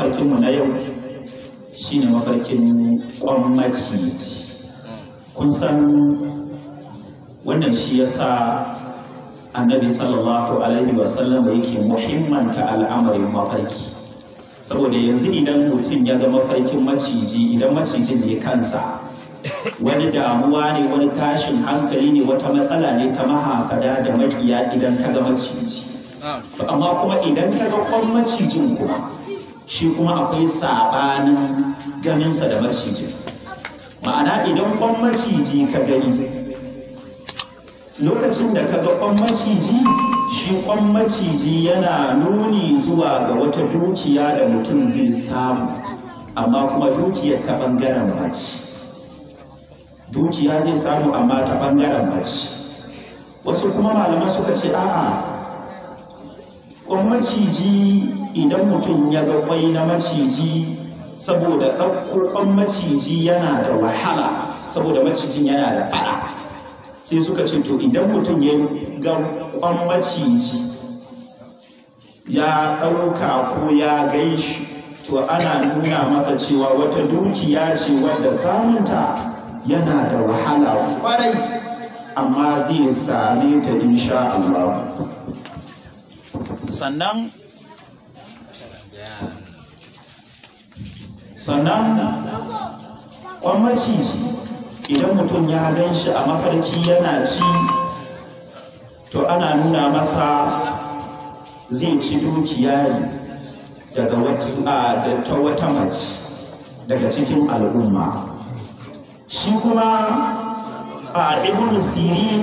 mafarkinmu na yau shine mafarkin kwan maciji kun san wannan shi ya sa annabi sallallahu alaihi wasallam yake muhimmanta al'amarin mafarki saboda yanzu idan mutum ya ga mafarkin maciji idan macijin ne kansa wani damuwa ne wani tashin hankali ne wata matsala ne ta mahasada da makiya idan ka ga maciji amma kuma idan ka ga kwan macijin kuma shi kuma akwai saɓanin ganinsa da maciji ma'ana idan ƙwan maciji ka gani lokacin da ka ga kwan maciji shi kwan maciji yana nuni zuwa ga wata dukiya da mutum zai samu amma kuma dukiyar ta bangaren mace dukiya zai samu amma ta bangaren maci wasu kuma malaman suka ce a'a kwan maciji idan mutum ya ga kwai na maciji saboda ɗauko maciji yana da wahala saboda macijin yana da faɗa sai suka ce to idan mutum ya ga kwan maciji ya ɗauka ko ya gai shi to ana nuna masa cewa wata dukiya ce wadda samunta yana da wahala kwarai amma zai same ta insha Allah. sannan sannan maciji idan mutum ya gan shi a mafarki yana ci to ana nuna masa zai ci dukiya daga ta wata mace daga cikin al'umma shi kuma a ibn sirin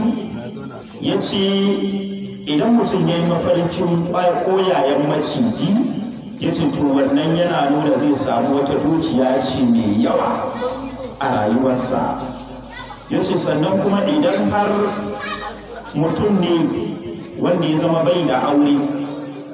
ya ce idan mutum ya yi mafarkin koyayen maciji ya to wannan yana nuna zai samu wata dukiya ce mai yawa a rayuwarsa ya ce sannan kuma idan har mutum ne wanda ya zama bai da aure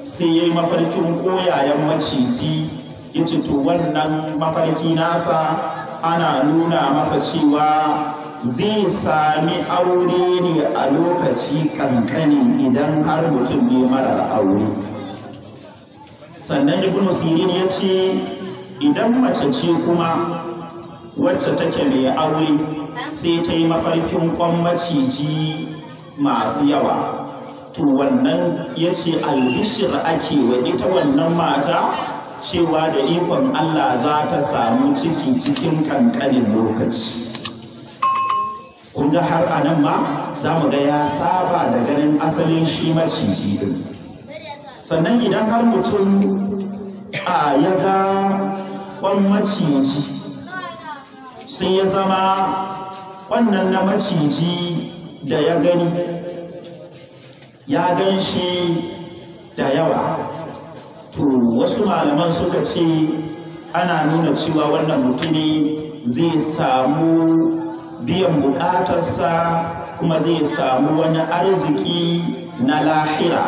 sai ya yi mafarkin koyayen maciji ya cinto wannan mafarki nasa ana nuna masa cewa zai sami aure ne a lokaci kankani idan har mutum ne mara aure sannan ibn sirin ya ce idan mace ce kuma wacce take mai aure sai ta yi mafarkin kwan maciji masu yawa to wannan ya ce albishir ake wa ita wannan mata cewa da ikon Allah za ta samu ciki cikin kankanin lokaci kun ga har a nan ma za mu ga ya saba da ganin asalin shi maciji din sannan idan har mutum a ya ga kwan maciji sun ya zama wannan na maciji da ya gani ya gan shi da yawa to wasu malaman suka ce ana nuna cewa wannan mutumi zai samu biyan bukatarsa kuma zai samu wani arziki na lahira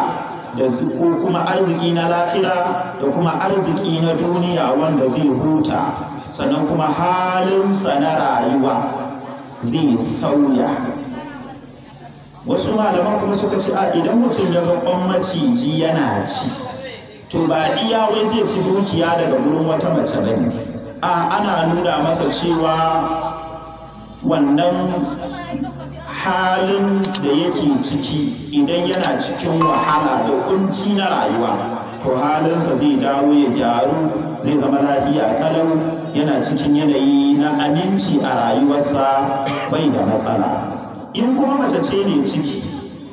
da ko kuma arziki na lahira da kuma arziki na duniya wanda zai huta sannan kuma halinsa na rayuwa zai sauya wasu malaman kuma suka ce a idan mutum ya ga maciji yana ci to ba iya wai zai ci dukiya daga gurin wata mace ne? a ana nuna masa cewa wannan halin da yake ciki idan yana cikin wahala da kunci na rayuwa to halinsa zai dawo ya gyaru zai zama lafiya kalau yana cikin yanayi na aminci a rayuwarsa bai da matsala in kuma mace ce ne ciki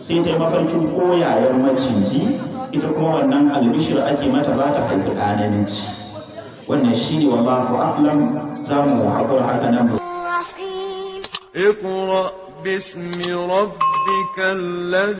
sai ta yi mafarkin koyayen maciji ita kuma wannan albishir ake mata za ta haifi kananinci wannan shine wallahu a'lam za mu haƙura haka nan ba. اقرأ باسم ربك الذي